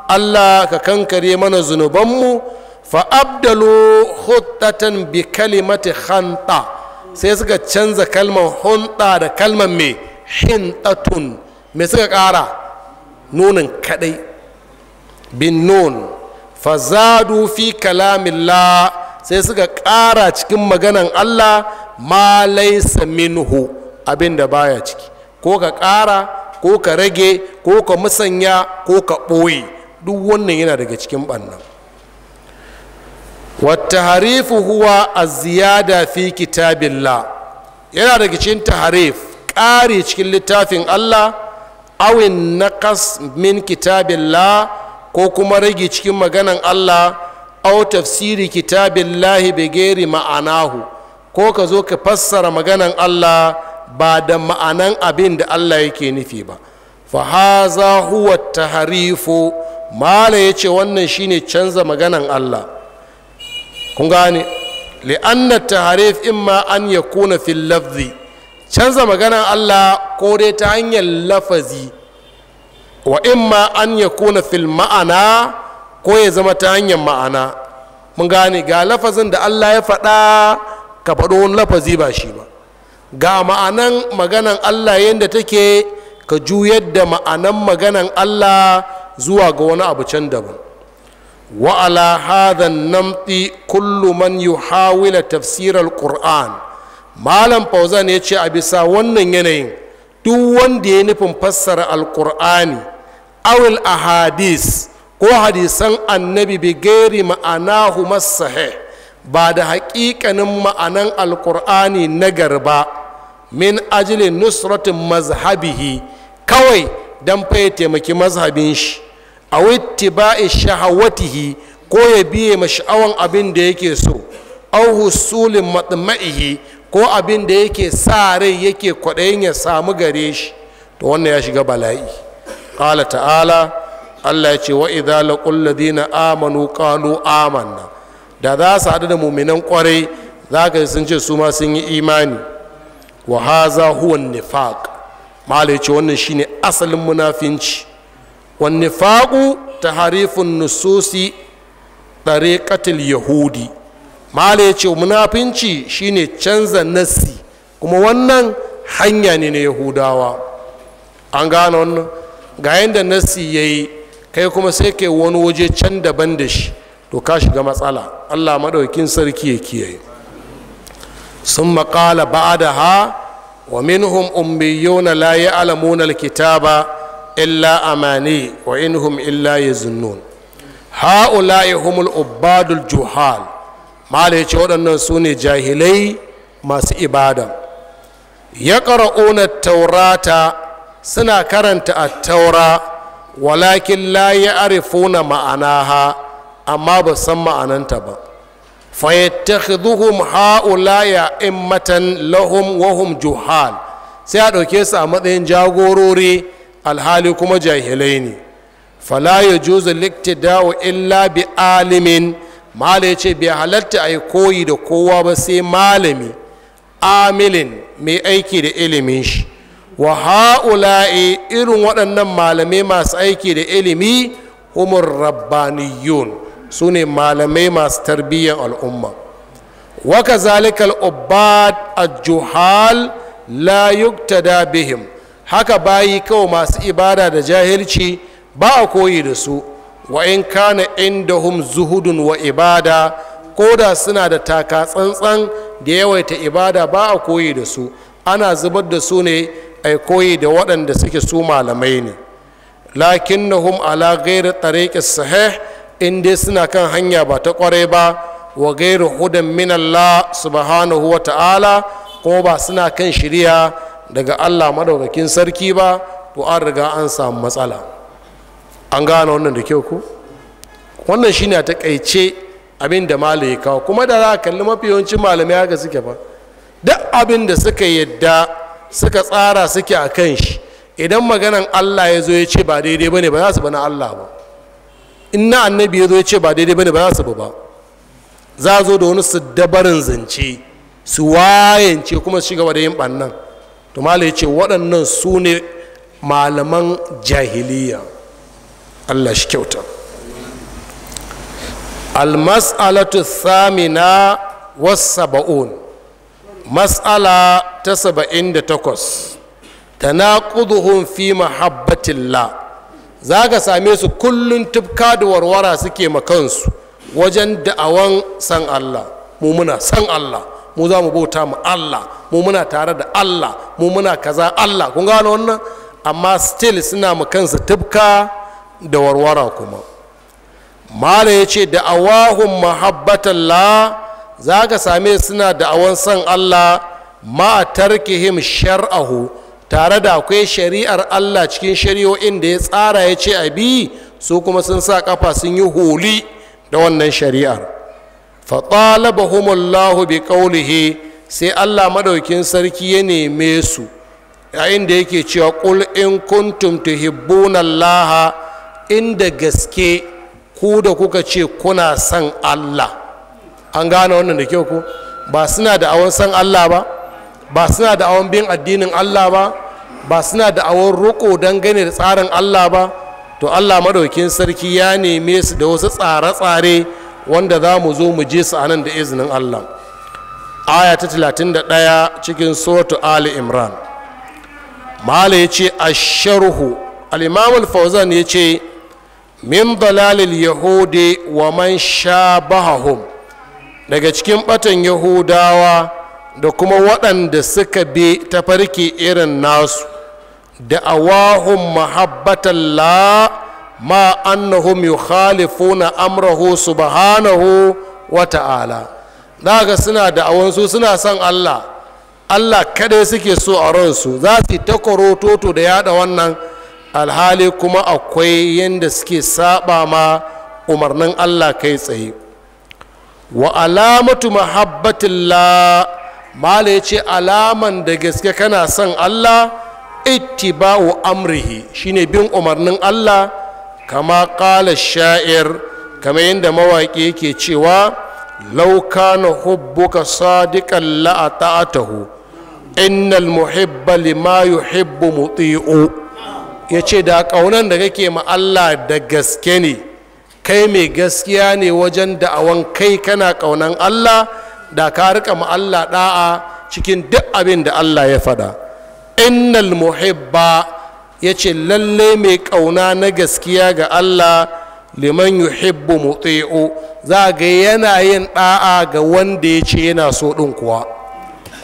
allah ka kankare mana zunubanmu fa abdalu huttatan bi kalimati hanta sai suka canza kalmar hunta da kalmar mai hintatun mai suka ƙara nunin kaɗai bin nun fazadu fi kalamillah sai suka ƙara cikin maganan allah ma laisa minhu abin da baya ciki ko ka ƙara ko ka rage ko ka musanya ko ka ɓoye duk wannan yana daga cikin ɓannan wata harifu huwa a ziyada fi kitabillah yana daga cikin taharif ƙari cikin littafin allah awin naqas min kitabillah ko kuma rage cikin maganan Allah au tafsiri lahi bigeri ma'anahu ko ka zo ka fassara maganan Allah ba da ma'anan abin da Allah yake nufi ba fa haza huwa taharifu mala ce wannan shine canza maganan Allah kun gane li'anna taharif imma an ya kuna fil lafzi canza maganan Allah ko dai ta hanyar lafazi wa imma an ya kuna fil ma'ana ko ya zama ta hanyar ma'ana mun gane ga lafazin da allah ya faɗa ka faɗo wani lafazi ba shi ba ga ma'anan maganan allah yadda take ka juyar da ma'anan maganan allah zuwa ga wani abu can daban ala hadhan namti kullu man yuhawila tafsir al malam fauzan ya ce a bisa wannan yanayin duk wanda ya nufin fassara alkur'ani awil ahadis ko hadisan annabi bi gairi ma'anahu masahe ba da haƙiƙanin ma'anan alkur'ani na garba min ajilin nusratin mazhabihi kawai don fa taimaki mazhabin shi a wittiba'i shahawatihi ko ya biye ma sha'awan abin da yake so au husulin matma'ihi ko abin da yake sa rai yake kwaɗayin ya samu gare shi to wannan ya shiga bala'i ƙala ta'ala allah ya ce wa idza laqul ladina amanu qalu amanna da za su haɗu da muminan kwarai za ka sun ce su ma sun yi imani wa haza huwa nifaq malai ce wannan shine asalin munafinci wan nifaqu harifin nususi tariqatil yahudi malai ce munafinci shine canza nassi kuma wannan hanya ne na yahudawa an gane wannan ga yadda na ya yi kai kuma sai ke wani waje can daban da shi to ka shiga matsala allah maɗaukin sarki ya kiyaye sun maƙala ba da ha wa minhum ummiyuna la ya'lamuna alkitaba illa amani wa hum illa yazunnun ha'ula'i humul ubbadul juhal mala yace waɗannan su ne jahilai masu ibada ya ƙara'unar taurata suna karanta a taura walakin la ya arifuna ma'anaha amma ba san ma'ananta ba fayyattakhidhuhum ha'ula ya immatan lahum wahum juhal sai a ɗauke su a matsayin jagorori alhali kuma jahilai ne fala ya juzu dawo illa bi alimin malai ya ce bai halatta a yi koyi da kowa ba sai malami amilin mai aiki da ilimin shi wa ha'ula'i irin waɗannan malamai masu aiki da ilimi humur rabbaniyun su ne malamai masu tarbiyyar al'umma waka zalikal ubbad al-juhal la yuktada bihim haka bayi kawai masu ibada da jahilci ba a koyi da su wa in kana indahum zuhudun wa ibada ko da suna da taka tsantsan da yawaita ibada ba a koyi da su ana zubar da su ne Aikoyi koyi da waɗanda suke su malamai ne lakin na hum ala gairu tariqi sahih in dai suna kan hanya ba ta kwarai ba wa gairu hudan min subhanahu wa ta'ala ko ba suna kan shirya daga Allah maɗaukakin sarki ba to an riga an samu matsala an gane wannan da kyau ku wannan shi ne a takaice abin da ya kawo kuma da za a kalli mafi yawancin malamai haka suke ba duk abin da suka yadda suka tsara suke a kan shi idan maganan allah ya zo ya ce ba daidai ba ne ba za su bana allah ba in na annabi ya zo ya ce ba daidai ba ne ba za su ba ba za zo da wani su dabarin zance su wayance kuma su shiga da yin ɓannan to malai ce waɗannan su ne malaman jahiliya allah shi kyauta almas'alatu thamina saba'un mas'ala ta saba'in da takwas tanaquduhum fi mahabbatillah za ka same su kullum tufka da warwara suke makansu wajen da'awan san Allah mu muna san Allah mu za mu bauta mu Allah mu muna tare da Allah mu muna kaza Allah kun gano wannan amma still suna makansu tufka da warwara kuma mala ya ce da'awahun la za ka same suna da'awan san Allah ma tarkihim shar'ahu tare da akwai shari'ar Allah cikin shari'o'in da ya tsara ya ce a bi su kuma sun sa kafa sun yi holi da wannan shari'ar fatalabahumullahu bi qawlihi sai Allah madaukin sarki ya neme su yayin da yake cewa qul in kuntum tuhibbuna Allah inda gaske ku da kuka ce kuna son Allah an gane wannan da kyau ku ba suna da awon san Allah ba ba suna da awon bin addinin allah ba ba suna da awon roƙo dangane da tsarin allah ba to allah madaukin sarki ya neme su da wasu tsare-tsare wanda za mu zo mu je su a nan da izinin allah aya ta ɗaya cikin suratu ali imran mala ya ce a sharhu al fauzan ya ce min dalalil yahudi wa man sha daga cikin batan yahudawa da kuma waɗanda suka bi ta farki irin nasu da awahun mahabbatalla ma annahum yukhalifuna amrahu subhanahu wa ta'ala daga suna da awansu suna son Allah Allah kaɗai suke so a ransu za su ta toto da yada wannan alhali kuma akwai yadda suke saba ma umarnin Allah kai tsaye wa alamatu mahabbatillah mala ya ce alaman da gaske kana son allah ittiba'u amrihi shine bin umarnin allah kama ƙala sha'ir kama yadda mawaƙi yake cewa lauka na hubbuka sadiƙan la'ata'atahu innal muhibba lima yuhibbu muti'u ya ce da ƙaunan da kake ma allah da gaske ne kai mai gaskiya ne wajen da'awan kai kana ƙaunan allah da ka rika ma Allah da'a cikin duk abin da Allah ya faɗa innal muhibba ya ce lalle mai ƙauna na gaskiya ga Allah liman yuhibbu muti'u za ga yana yin da'a ga wanda ya ce yana so ɗin kuwa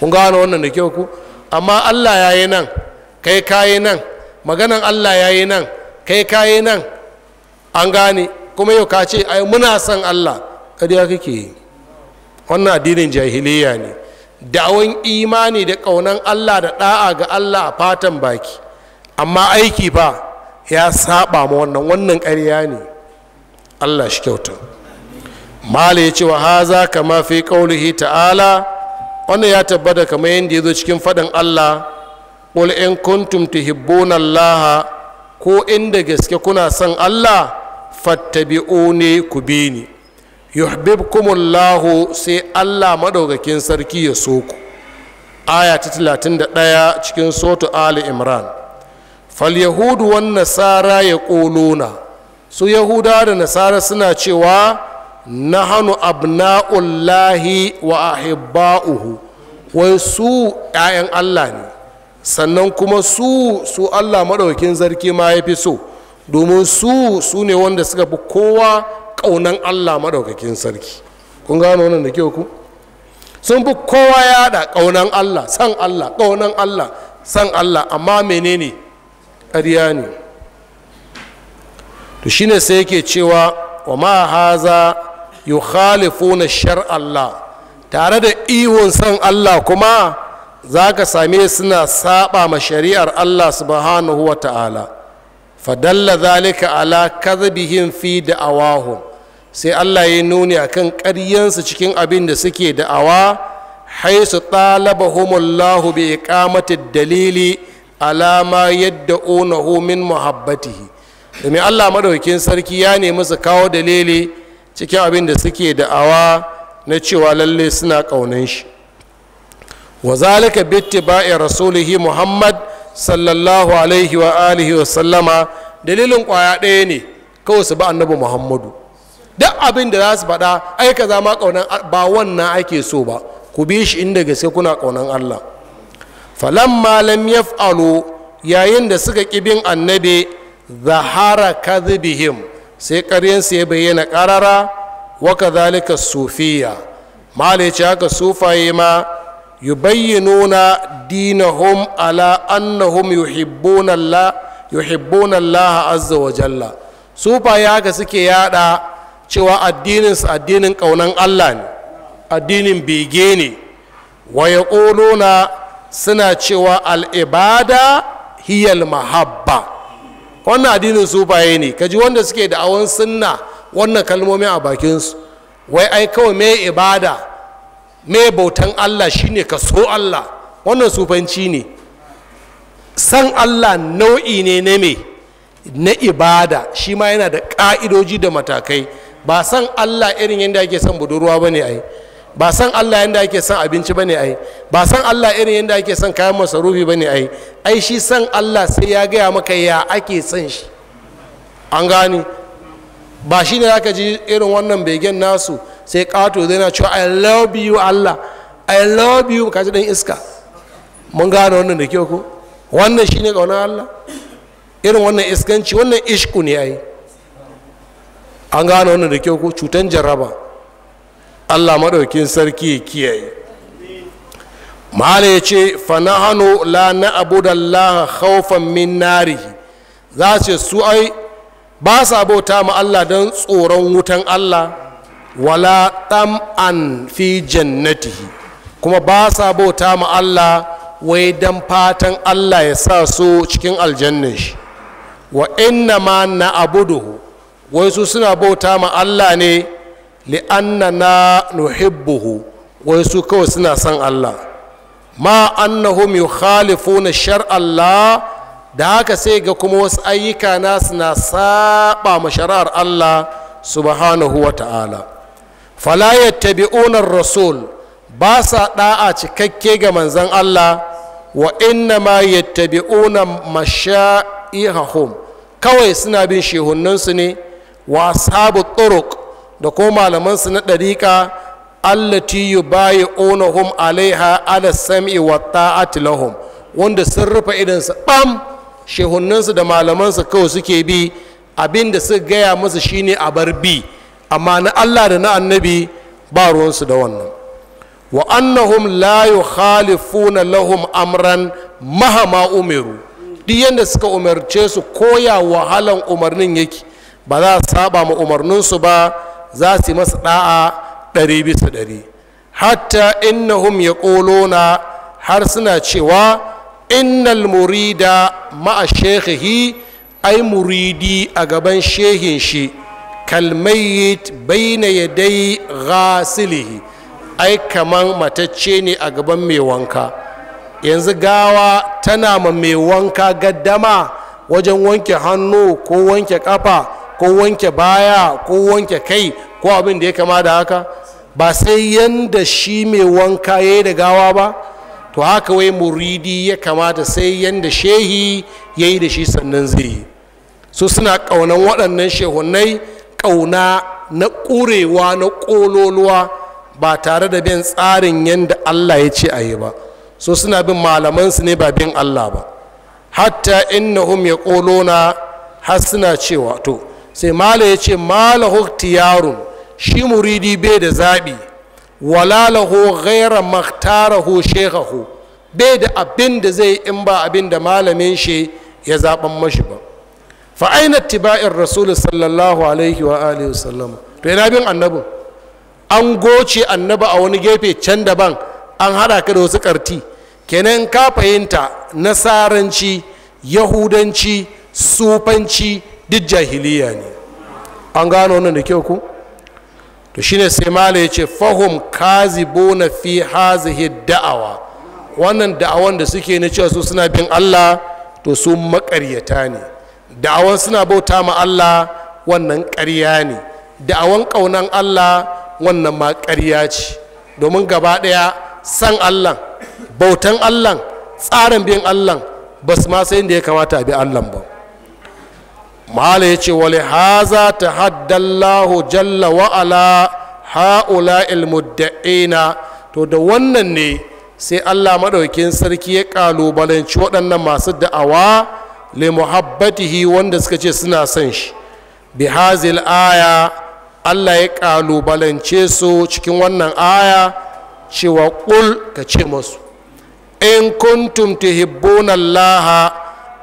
kun gano wannan da kyau ku amma Allah ya yi nan kai yi nan maganan Allah ya yi nan kai yi nan an gane kuma yau ka ce ai muna son Allah kadiya kake yi wannan addinin jahiliya ne da'awan imani da ƙaunan allah da ɗa'a ga allah a fatan baki amma aiki ba ya saba ma wannan wannan ƙarya ne allah shi kyauta mala ya ce wa haza kama fi ƙaulihi ta'ala wannan ya tabbata kamar yadda ya zo cikin faɗin allah ƙul in kuntum tuhibbuna allah ko inda gaske kuna son allah fattabi'uni ku bi ni yuhibbukumullahu sai Allah madaukakin sarki ya so ku aya ta 31 cikin sotu ali imran fal yahudu wan nasara yaquluna su yahuda da nasara suna cewa nahanu abna'ullahi wa ahibba'uhu wai su 'ya'yan Allah ne sannan kuma su su Allah madaukakin sarki ma yafi so domin su su ne wanda suka fi kowa Kaunan allah maɗaukakin sarki kun gano wannan da kyau ku sun fi kowa yada ƙaunan allah san allah ƙaunan allah san allah amma menene ƙarya ne to shine sai yake cewa wa ma haza yukhalifuna shar allah tare da iwon san allah kuma za ka same suna saba ma shari'ar allah subhanahu wa ta'ala fadalla zalika ala kadhibihim fi da'awahum sai allah ya nuni a kan ƙaryansu cikin abin da suke da'awa haisu bai bi iqamati dalili alama yadda ona min muhabbatihi domin allah madaukin sarki ya nemi su kawo dalili cikin abin da suke da'awa na cewa lalle suna ƙaunan shi wa zalika bittiba'i rasulihi muhammad sallallahu alaihi wa alihi wa sallama dalilin ƙwaya ɗaya ne kawai su ba annabi muhammadu duk abin da za su faɗa ai kaza ma ƙaunar ba wannan ake so ba ku bi shi inda gaske kuna ƙaunar Allah malam ya yaf'alu yayin da suka bin annabi zahara kadhibihim sai ƙaryansu ya bayyana ƙarara wa kadhalika sufiya malice haka sufaye ma yubayyinuna dinahum ala annahum yuhibbuna Allah yuhibbuna Allah azza wa jalla sufaye haka suke yada cewa addininsu addinin ƙaunan allah ne addinin bege ne waya ƙoluna suna cewa al'ibada hiyal mahabba wannan addinin su sufaye ne kaji wanda suke da awon sunna wannan kalmomi a bakinsu wai ai kawai mai ibada mai bautan allah shine ka so allah wannan sufanci ne san allah nau'i ne na me na ibada shi ma yana da ƙa'idoji da matakai ba san allah irin yadda ake son budurwa ba ne a yi ba san allah yadda ake son abinci ba ne a yi ba san allah irin yadda ake son kayan masarufi ba ne a yi ai shi san allah sai ya gaya maka ya ake son shi an gane ba shi ne zaka ji irin wannan begen nasu sai kato zai na cewa i love you allah i love you kaji dan iska mun gane wannan da kyau ko wannan shine kaunar allah irin wannan iskanci wannan ishku ne a yi. an gane wannan da kyau ko cutan jaraba. allah maɗaukin sarki ya kiyaye mahala ya ce fanahanu la na abudallaha haufan min narihi za ce su ai ba sa bauta ma allah don tsoron wutan allah wala ɗan an fi jannatihi kuma ba sa bauta ma allah wai don fatan allah ya sa su cikin aljannin shi wa inna ma na abuduhu wai su suna bauta ma allah ne na nuhibbuhu wai su kawai suna son allah ma annahum shar shar'allah da haka sai ga kuma wasu ayyuka na suna saba ma shari'ar allah subhanahu wa ta'ala fala yattabi'unar rasul ba sa da'a cikakke ga manzon allah wa inna ma yattabi'una masha'ihahum kawai suna bin shehunninsu ne wa sabu turuk da ko malamansu na ɗariƙa allati yubayi onahum alaiha ala sam'i wa ta'ati lahum wanda sun rufe idansu ɓam shehunninsu da malamansu kawai suke bi abin da suka gaya musu shine a bar bi amma na allah da na annabi ba ruwansu da wannan wa annahum la yukhalifuna lahum amran mahama umiru duk yadda suka umarce su koya wahalan umarnin yake ba za su saba ma umarninsu ba za su yi masa ɗa'a ɗari bisa ɗari hatta innahum ya ƙolona har suna cewa innal murida ma'a shekhihi ai muridi a gaban shehin shi kalmayit baina yadai ghasilihi ai kaman matacce ne a gaban mai wanka yanzu gawa tana ma mai wanka gaddama wajen wanke hannu ko wanke kafa ko wanke baya ko wanke kai ko abin da ya kama da haka ba sai yanda shi mai wanka ya yi da gawa ba to haka wai muridi ya kamata sai yanda shehi ya yi da shi sannan zai yi su suna ƙaunan waɗannan shehunai ƙauna na ƙurewa na ƙololuwa ba tare da bin tsarin yanda allah ya ce a yi ba so suna bin malamansu ne ba bin allah ba hatta innahum ya ƙolona har suna cewa to sai mala ya ce mala huktiyarun shi muridi bai da zaɓi wala lahu ghaira maktarahu shekhahu bai da abin da zai in ba abin da malamin shi ya zaɓan mashi ba fa tiba'in rasulun sallallahu alaihi wa alihi wasallam to ina bin annabin an goce annaba a wani gefe can daban an hada ka da wasu karti kenan ka fahimta nasaranci yahudanci sufanci duk jahiliya ne an gano wannan da kyau ku to shine sai malai ya ce fahim kazibuna fi hazihi da'awa wannan da'awan da suke na cewa su suna bin allah to su makaryata ne da'awan suna bauta ma allah wannan ƙarya ne da'awan ƙaunan allah wannan ma ƙarya ce domin gaba ɗaya san allah bautan allah tsarin bin allah ba su ma sai da ya kamata a bi allah ba mahala ya ce wale haza ta haddallahu jalla wa'ala ha'ula ilmudda'ina to da wannan ne sai allah maɗaukin sarki ya ƙalubalanci waɗannan masu da'awa le muhabbatihi wanda suka ce suna son shi bi hazil aya allah ya ƙalubalance su cikin wannan aya cewa ƙul ka ce masu in kuntum tuhibbuna allaha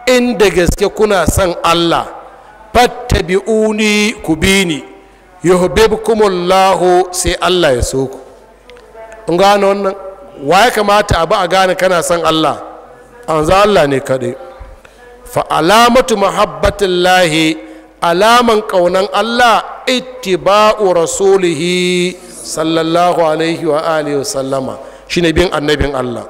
in da gaske kuna son allah fattabi'uni ku bi ni yuhibbukumullahu sai Allah ya so ku in wannan wa kamata abu a gane kana son Allah an za Allah ne kaɗai fa alamatu mahabbatillahi alaman ƙaunan Allah ittiba'u rasulihi sallallahu alaihi wa alihi sallama shine bin annabin Allah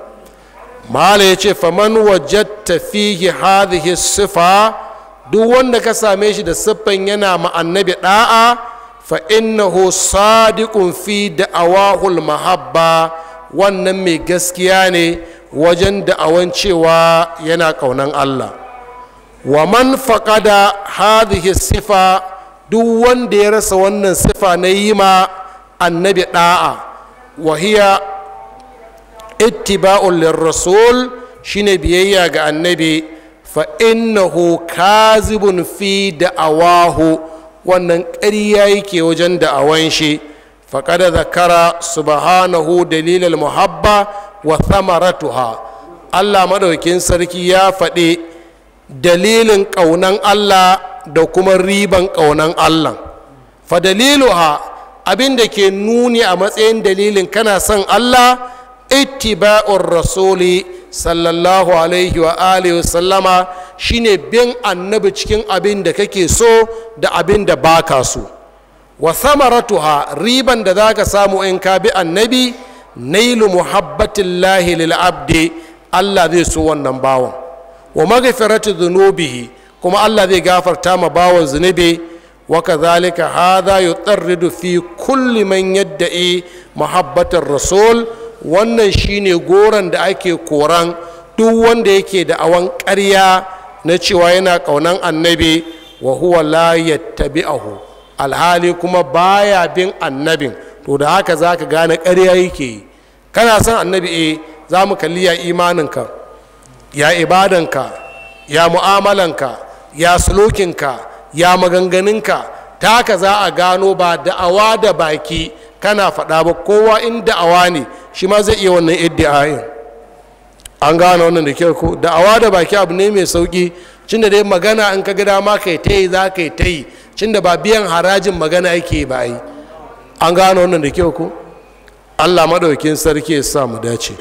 mahala ya ce faman wajatta fihi hadhihi sifa duk wanda ka same shi da siffan yana ma annabi da'a fa innahu sadiqun fi da'awahul mahabba wannan mai gaskiya ne wajen da'awan cewa yana kaunan Allah wa man faqada hadhihi sifa duk wanda ya rasa wannan sifa na yi ma annabi da'a wa hiya ittiba'un lirrasul shine biyayya ga annabi fa innahu kazibun fi awahu wannan ƙarya yake wajen da'awan shi faƙada zakara subhanahu dalilal muhabba wa thamaratuha allah maɗaukin sarki ya faɗi dalilin ƙaunan allah da kuma riban ƙaunan allah fa daliluha abin da ke nuni a matsayin dalilin kana son allah ittiba'ur rasuli sallallahu alaihi wa alihi wa sallama shine bin annabi cikin abin da kake so da abin da baka so wa samaratuha riban da zaka samu in ka bi annabi nailu muhabbatillahi lil abdi Allah zai so wannan bawon wa maghfiratu dhunubihi kuma Allah zai gafarta ma bawon zunubi wa kadhalika hadha yutarridu fi kulli man yadda'i muhabbatar rasul wannan shine goron da ake koran duk wanda yake da awan ƙarya na cewa yana ƙaunan annabi wa huwa la yattabi'ahu alhali kuma baya bin annabin to da haka za ka gane karya yake yi kana son annabi eh za mu kalli ya imaninka ya ibadanka ya mu'amalanka ya sulokinka ya maganganunka ta haka za a gano ba da'awa da baki kana faɗa ba kowa in da'awa ne shi ma zai iya wannan iddiayin an gane wannan da kyau ko da'awa da baki abu ne mai sauki cin da dai magana in ka ga dama kai ta yi za ka yi ta yi cin da ba biyan harajin magana yake ba yi an gane wannan da kyau ko allah maɗaukin sarki ya sa mu dace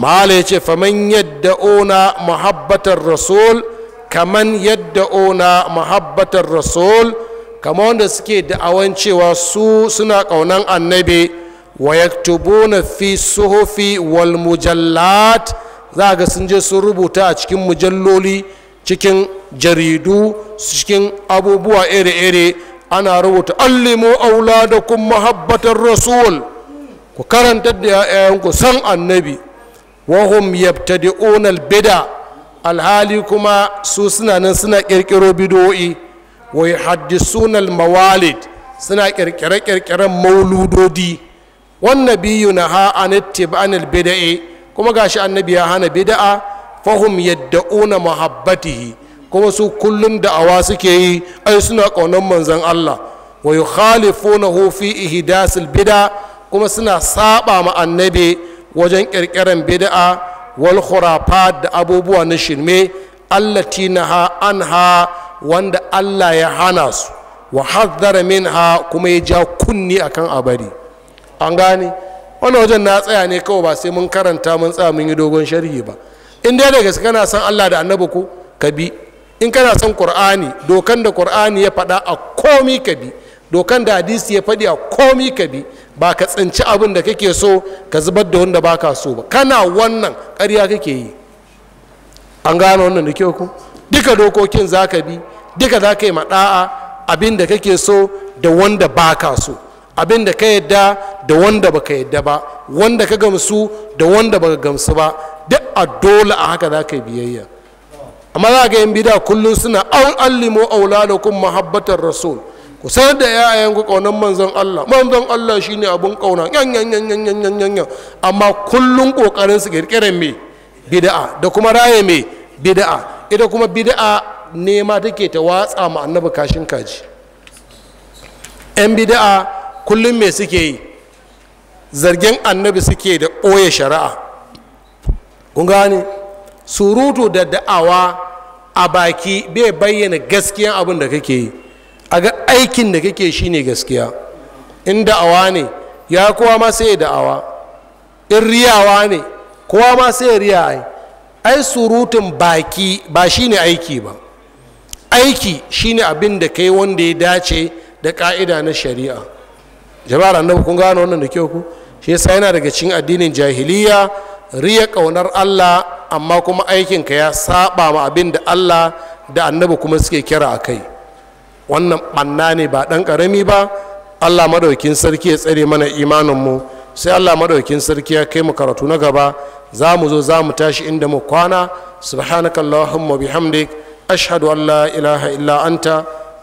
mahala ya ce faman yadda ona muhabbatar rasul kaman yadda ona muhabbatar rasul kama wanda suke da'awan cewa su suna ƙaunan annabi ويكتبون في fi والمجلات wal mujallat za ga sun je rubuta a cikin mujalloli cikin jaridu cikin abubuwa iri-iri ana rubuta allimu auladakum mahabbatar rasul ku karanta da yayanku san annabi wahum yabtadi'una albida alhali kuma su suna nan suna kirkiro bido'i wa yuhaddisuna almawalid suna kirkire-kirkiren mauludodi wan nabiyyu naha an ittibanil bida'i kuma gashi annabi ya hana bida'a fahum yad'una mahabbatihi kuma su kullum da'awa suke yi ai suna ƙaunar manzon Allah wa yukhalifunahu fi ihdasil bid'a kuma suna saba ma annabi wajen ƙirƙiran bida'a wal khurafat da abubuwa na shirme allati naha anha wanda Allah ya hana su wa haddara minha kuma ya ja kunni akan abari an gane wani wajen na tsaya ne kawai ba sai mun karanta mun tsaya mun yi dogon sharhi ba in dai daga kana san allah da annabi ko ka bi in kana san qur'ani dokan da qur'ani ya faɗa a komi ka bi dokan da hadisi ya faɗi a komi ka bi ba ka tsinci abin da kake so ka zubar da wanda baka so ba kana wannan ƙarya kake yi an gano wannan da kyau ku duka dokokin za ka bi duka za ka yi maɗa'a abin da kake so da wanda baka so abin da ka yadda da wanda baka yadda ba wanda ka gamsu da wanda baka gamsu ba duk a dole a haka za ka yi biyayya amma za ga yan bida kullum suna an allimo auladakum mahabbatar rasul ku sanar da yayan ku kaunan manzon Allah manzon Allah shine abun kauna yan yan yan yan yan yan yan amma kullum kokarin su kirkiran me bid'a da kuma raye me bid'a ita kuma bid'a nema take ta watsa ma annabi kashin kaji yan bid'a kullum me suke yi zargin annabi suke da ɓoye shari'a kun gane surutu da da'awa a baki bai bayyana gaskiyan abin da kake yi a ga aikin da kake shi ne gaskiya in da'awa ne ya kowa ma sai da'awa in riyawa ne kowa ma sai riya ai ai surutun baki ba shi ne aiki ba aiki shi ne abin da kai wanda ya dace da ka'ida na shari'a jama'ar annabi kun gano wannan da kyau ku shi yasa yana daga cikin addinin jahiliya riya kaunar Allah amma kuma aikinka ya saba ma abin da Allah da annabi kuma suke kira a kai wannan banna ne ba dan karami ba Allah madaukin sarki ya tsare mana imanin mu sai Allah madaukin sarki ya kai mu karatu na gaba za mu zo za mu tashi inda mu kwana subhanakallahumma bihamdik ashhadu an la ilaha illa anta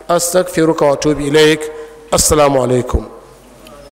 wa atubu ilaik assalamu alaikum.